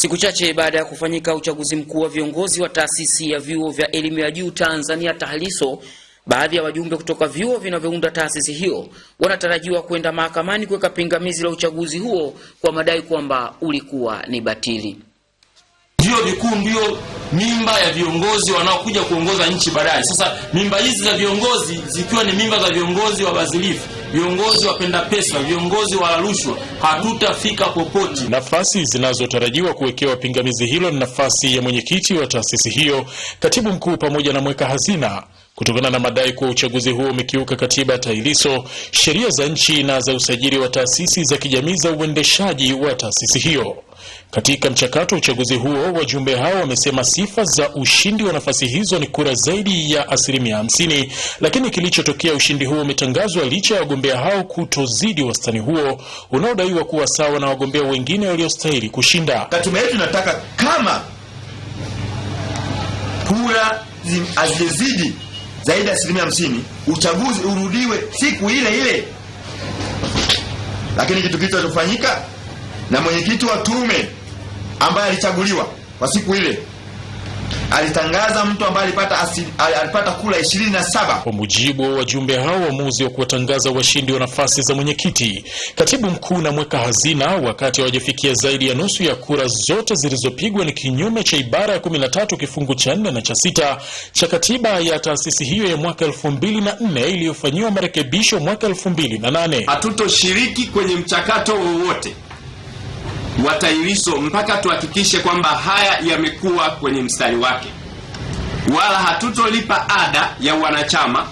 Siku chache baada ya kufanyika uchaguzi mkuu wa viongozi wa taasisi ya vyuo vya elimu ya juu Tanzania TAHLISO, baadhi ya wajumbe kutoka vyuo vinavyounda taasisi hiyo wanatarajiwa kwenda mahakamani kuweka pingamizi la uchaguzi huo kwa madai kwamba ulikuwa ni batili. Vyuo vikuu ndio mimba ya viongozi wanaokuja kuongoza nchi baadaye. Sasa mimba hizi za viongozi zikiwa ni mimba za viongozi wa wabadhilifu viongozi wapenda pesa, viongozi wa rushwa, hatutafika popote. Nafasi zinazotarajiwa kuwekewa pingamizi hilo ni nafasi ya mwenyekiti wa taasisi hiyo, katibu mkuu pamoja na mweka hazina kutokana na madai kuwa uchaguzi huo umekiuka katiba ya TAHILISO, sheria za nchi na za usajili wa taasisi za kijamii za uendeshaji wa taasisi hiyo. Katika mchakato wa uchaguzi huo, wajumbe hao wamesema sifa za ushindi wa nafasi hizo ni kura zaidi ya asilimia 50 lakini kilichotokea, ushindi huo umetangazwa licha ya wagombea hao kutozidi wastani huo unaodaiwa kuwa sawa na wagombea wengine waliostahili kushinda. Katiba yetu inataka kama kura hazijazidi zaidi ya asilimia hamsini, uchaguzi urudiwe siku ile ile. Lakini kitu kilichofanyika na mwenyekiti wa tume ambaye alichaguliwa kwa siku ile alitangaza mtu ambaye alipata alipata kula 27. Kwa mujibu wa wajumbe hao, uamuzi wa kuwatangaza washindi wa nafasi za mwenyekiti, katibu mkuu na mweka hazina wakati hawajafikia zaidi ya nusu ya kura zote zilizopigwa ni kinyume cha ibara ya 13 kifungu cha 4 na cha sita cha katiba ya taasisi hiyo ya mwaka 2004 iliyofanyiwa marekebisho mwaka 2008. Hatutoshiriki kwenye mchakato wowote wa tairiso mpaka tuhakikishe kwamba haya yamekuwa kwenye mstari wake. Wala hatutolipa ada ya wanachama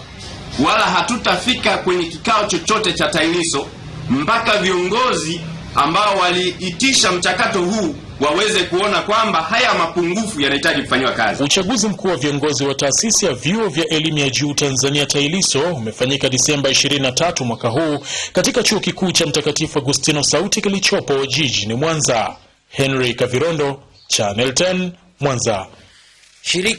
wala hatutafika kwenye kikao chochote cha tairiso mpaka viongozi ambao waliitisha mchakato huu waweze kuona kwamba haya mapungufu yanahitaji kufanyiwa kazi. Uchaguzi mkuu wa viongozi wa taasisi ya vyuo vya elimu ya juu Tanzania tailiso umefanyika Disemba 23 mwaka huu katika chuo kikuu cha Mtakatifu Agustino Sauti kilichopo jijini Mwanza. Henry Kavirondo, Channel 10, Mwanza. Shiriki.